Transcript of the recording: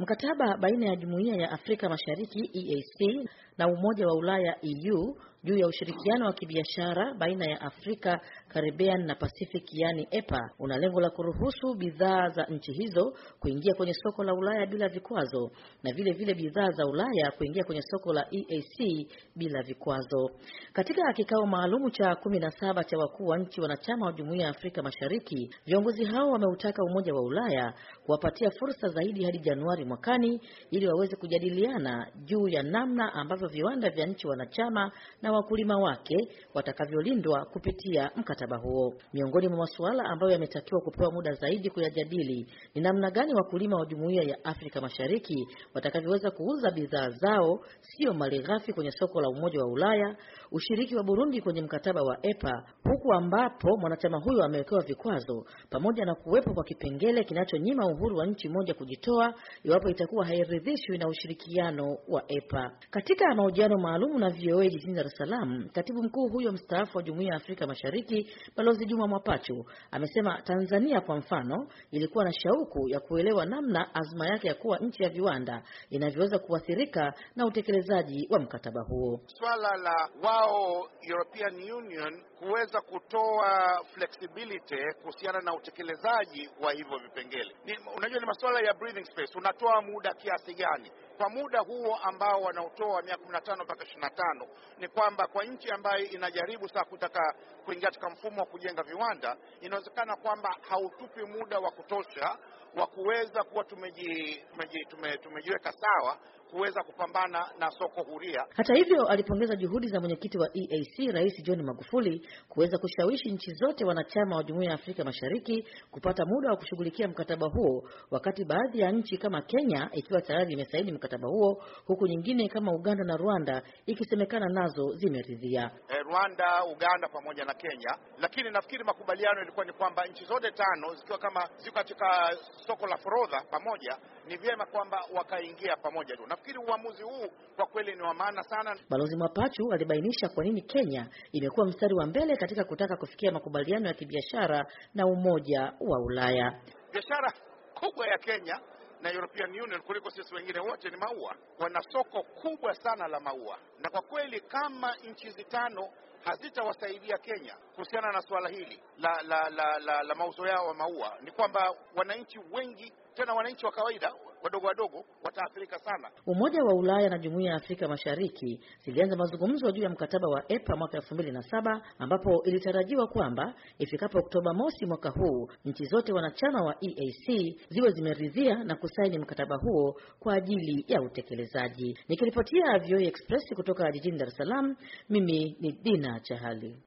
Mkataba baina ya Jumuiya ya Afrika Mashariki EAC na Umoja wa Ulaya EU juu ya ushirikiano wa kibiashara baina ya Afrika, Caribbean na Pacific yani EPA una lengo la kuruhusu bidhaa za nchi hizo kuingia kwenye soko la Ulaya bila vikwazo na vile vile bidhaa za Ulaya kuingia kwenye soko la EAC bila vikwazo. Katika kikao maalumu cha 17 cha wakuu wa nchi wanachama wa Jumuiya ya Afrika Mashariki, viongozi hao wameutaka Umoja wa Ulaya kuwapatia fursa zaidi hadi Januari mwakani ili waweze kujadiliana juu ya namna ambavyo viwanda vya nchi wanachama na na wakulima wake watakavyolindwa kupitia mkataba huo. Miongoni mwa masuala ambayo yametakiwa kupewa muda zaidi kuyajadili ni namna gani wakulima wa Jumuiya ya Afrika Mashariki watakavyoweza kuuza bidhaa zao sio mali ghafi kwenye soko la Umoja wa Ulaya, ushiriki wa Burundi kwenye mkataba wa EPA, huku ambapo mwanachama huyo amewekewa vikwazo pamoja na kuwepo kwa kipengele kinachonyima uhuru wa nchi moja kujitoa iwapo itakuwa hairidhishwi na ushirikiano wa EPA. Katika mahojiano maalumu na VOA jijini Dar es Salaam, katibu mkuu huyo mstaafu wa Jumuiya ya Afrika Mashariki Balozi Juma Mwapachu amesema Tanzania kwa mfano ilikuwa na shauku ya kuelewa namna azma yake ya kuwa nchi ya viwanda inavyoweza kuathirika na utekelezaji wa mkataba huo. Swala la wao European Union kuweza kutoa flexibility kuhusiana na utekelezaji wa hivyo vipengele ni, unajua ni masuala ya breathing space, unatoa muda kiasi gani kwa muda huo ambao wanaotoa miaka tano mpaka tano ni kwamba kwa nchi ambayo inajaribu sasa kutaka kuingia katika mfumo wa kujenga viwanda, inawezekana kwamba hautupi muda wa kutosha wa kuweza kuwa tumejiweka sawa kuweza kupambana na soko huria. Hata hivyo, alipongeza juhudi za mwenyekiti wa EAC Rais John Magufuli kuweza kushawishi nchi zote wanachama wa Jumuiya ya Afrika Mashariki kupata muda wa kushughulikia mkataba huo, wakati baadhi ya nchi kama Kenya ikiwa tayari imesaini mkataba huo, huku nyingine kama Uganda na Rwanda ikisemekana nazo zimeridhia. E, Rwanda, Uganda pamoja na Kenya, lakini nafikiri makubaliano yalikuwa ni kwamba nchi zote tano zikiwa kama ziko katika soko la forodha pamoja, ni vyema kwamba wakaingia pamoja tu nafikiri uamuzi huu kwa kweli ni wa maana sana. Balozi Mwapachu alibainisha kwa nini Kenya imekuwa mstari wa mbele katika kutaka kufikia makubaliano ya kibiashara na Umoja wa Ulaya. Biashara kubwa ya Kenya na European Union kuliko sisi wengine wote ni maua. Wana soko kubwa sana la maua, na kwa kweli kama nchi hizi tano hazitawasaidia Kenya kuhusiana na suala hili la la, la, la, la mauzo yao wa maua, ni kwamba wananchi wengi, tena wananchi wa kawaida wadogo wadogo wataathirika sana. Umoja wa Ulaya na Jumuiya ya Afrika Mashariki zilianza mazungumzo juu ya mkataba wa EPA mwaka saba ambapo ilitarajiwa kwamba ifikapo Oktoba mosi mwaka huu nchi zote wanachama wa EAC ziwe zimeridhia na kusaini mkataba huo kwa ajili ya utekelezaji. Nikiripotia VOA e Express kutoka jijini Dar es Salaam, mimi ni Dina Chahali.